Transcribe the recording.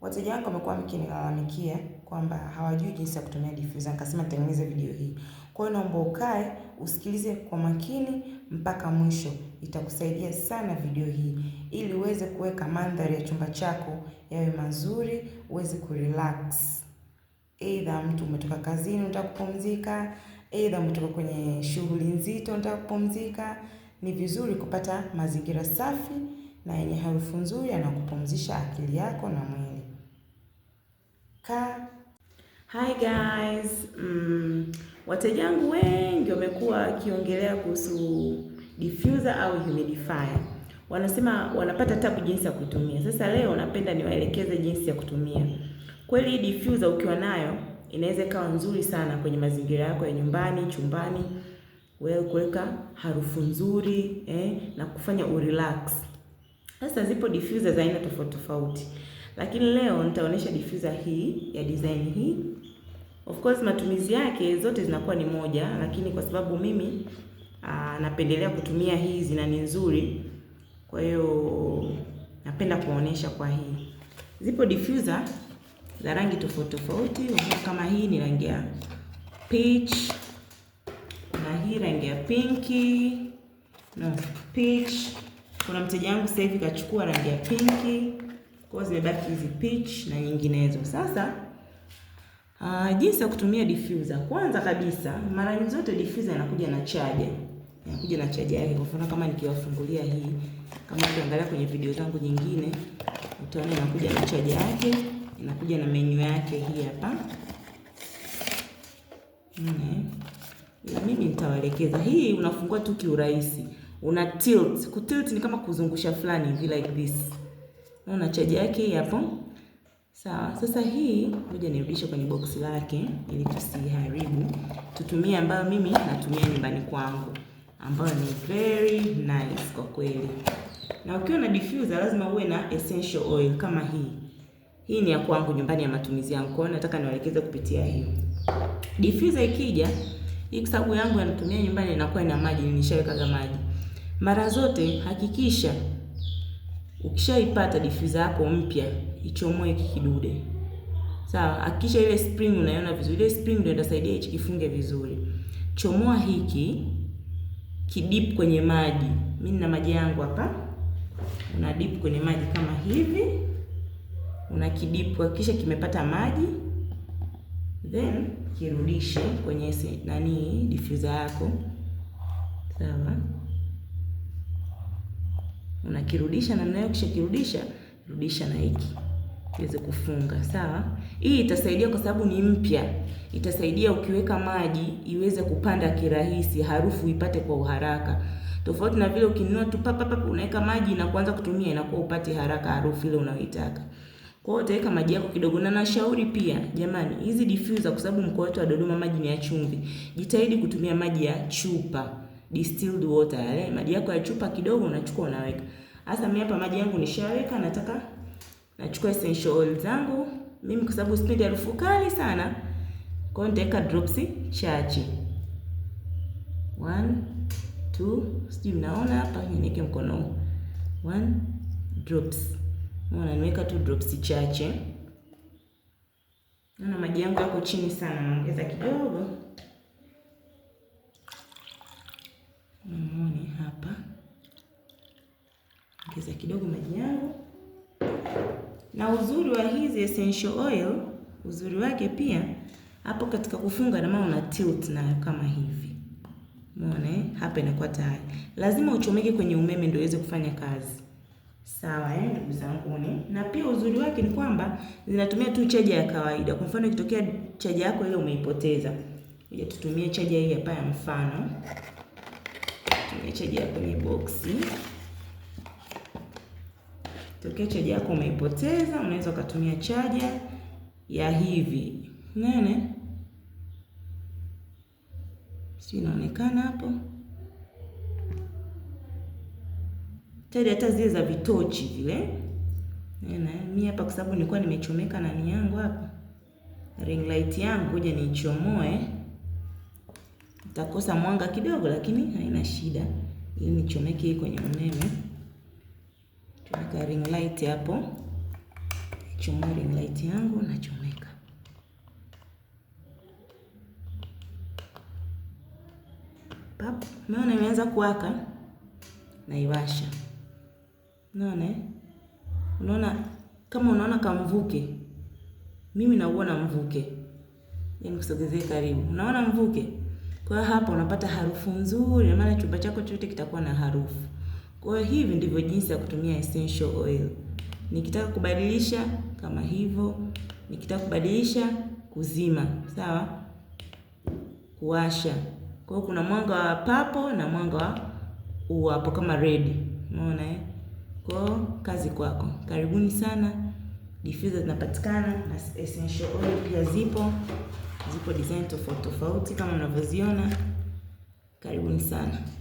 Wateja wangu wamekuwa wakinilalamikia kwamba hawajui jinsi ya kutumia diffuser. Nikasema nitengeneze video hii. Kwa hiyo naomba ukae usikilize kwa makini mpaka mwisho. Itakusaidia sana video hii ili uweze kuweka mandhari ya chumba chako yawe mazuri, uweze kurelax. Aidha mtu umetoka kazini unataka kupumzika, either umetoka kwenye shughuli nzito unataka kupumzika, ni vizuri kupata mazingira safi na yenye harufu nzuri yanayokupumzisha akili yako na mwili. Ka. Hi guys. Mm, wateja wangu wengi wamekuwa wakiongelea kuhusu diffuser au humidifier. Wanasema wanapata tabu jinsi ya kuitumia. Sasa leo napenda niwaelekeze jinsi ya kutumia. Kweli diffuser ukiwa nayo inaweza ikawa nzuri sana kwenye mazingira yako ya nyumbani, chumbani, wewe kuweka harufu nzuri eh, na kufanya urelax. Sasa zipo diffuser za aina tofauti tofauti lakini leo nitaonesha diffuser hii ya design hii. Of course matumizi yake zote zinakuwa ni moja, lakini kwa sababu mimi aa, ah, napendelea kutumia hii zina ni nzuri, kwa hiyo napenda kuonyesha kwa hii. Zipo diffuser za rangi tofauti tofauti, kama hii ni rangi ya peach na hii rangi ya pinki no, peach. Kuna mteja wangu sasa hivi kachukua rangi ya pinki kwa zimebaki hizi pitch na nyinginezo. Sasa uh, jinsi ya kutumia diffuser. Kwanza kabisa, mara nyingi zote diffuser inakuja na charger, inakuja na charger yake. Kwa mfano kama nikiwafungulia hii, kama ukiangalia kwenye video zangu nyingine, utaona inakuja na charger yake, inakuja na menu yake hii hapa. Ila mimi nitawaelekeza hii, unafungua tu kiurahisi, una tilt. Kutilt ni kama kuzungusha fulani hivi like this Unaona chaji yake hapo. Sawa, sasa hii ngoja nirudishe kwenye box lake ili tusiharibu. Tutumie ambayo mimi natumia nyumbani kwangu ambayo ni very nice kwa kweli. Na ukiwa na diffuser lazima uwe na essential oil kama hii. Hii ni ya kwangu nyumbani ya matumizi yangu. Kwa hiyo nataka niwaelekeze kupitia hiyo. Diffuser ikija, hii kwa sababu yangu natumia nyumbani inakuwa ina maji, nilishaweka maji. Mara zote hakikisha Ukishaipata difuza yako mpya, ichomoe hiki kidude. Sawa, hakikisha ile spring unaiona vizuri. Ile spring ndio itasaidia hichi kifunge vizuri. Chomoa hiki kidip kwenye maji. Mimi nina maji yangu hapa. Una dip kwenye maji kama hivi. Una kidip, hakikisha kimepata maji. Then kirudishe kwenye nani diffuser yako. Sawa unakirudisha na nayo, kisha kirudisha rudisha na hiki iweze kufunga sawa. Hii itasaidia kwa sababu ni mpya, itasaidia ukiweka maji iweze kupanda kirahisi, harufu ipate kwa uharaka, tofauti na vile ukinunua tu papa papa, unaweka maji na kuanza kutumia, inakuwa upate haraka harufu ile unayoitaka. Kwa hiyo utaweka maji yako kidogo, na nashauri pia jamani, hizi diffuser kwa sababu mkoa wetu wa Dodoma maji ni ya chumvi, jitahidi kutumia maji ya chupa distilled water, yale eh, maji yako ya chupa kidogo unachukua unaweka. Sasa mimi hapa maji yangu nishaweka, nataka nachukua essential oil zangu mimi, kwa sababu sipendi harufu kali sana, kwa hiyo nitaweka drops chache 1 2 sijui mnaona hapa, niweke mkono 1 drops. Naona niweka tu drops chache, naona maji yangu yako chini sana, naongeza kidogo. Muone hapa, ongeza kidogo maji yangu. Na uzuri wa hizi essential oil, uzuri wake pia hapo katika kufunga, na maana una tilt nayo kama hivi, muone hapa, inakuwa tayari. Lazima uchomeke kwenye umeme ndio iweze kufanya kazi. Sawa eh, ndugu zanguni. Na pia uzuri wake ni kwamba zinatumia tu chaja ya kawaida. Kwa mfano, ikitokea chaja yako ile umeipoteza, uje tutumie chaja hii hapa ya mfano tumechejea kwenye boksi. Tokea chaji yako umeipoteza, unaweza ukatumia chaja ya hivi nene, si inaonekana hapo, chaja hata zile za vitochi vile nene. Mi hapa kwa sababu nilikuwa nimechomeka nani yangu hapa ring light yangu, kuja niichomoe Itakosa mwanga kidogo, lakini haina shida, ili nichomeke kwenye umeme. Chomeka ring light hapo, chomoa ring light yangu, chomeka. pap. Umeona imeanza kuwaka, naiwasha. Unaona, eh? unaona kama unaona kamvuke, mimi nauona mvuke, yaani kusogezea karibu, unaona mvuke kwa hiyo hapa unapata harufu nzuri, maana chumba chako chote kitakuwa na harufu. Kwa hiyo hivi ndivyo jinsi ya kutumia essential oil. Nikitaka kubadilisha kama hivyo, nikitaka kubadilisha kuzima, sawa, kuwasha. Kwa hiyo kuna mwanga wa papo na mwanga wa uwapo kama red, umeona eh? Kwa hiyo kazi kwako, karibuni sana. Diffuser zinapatikana na essential oil pia zipo zipo design tofauti tofauti kama mnavyoziona. Karibuni sana.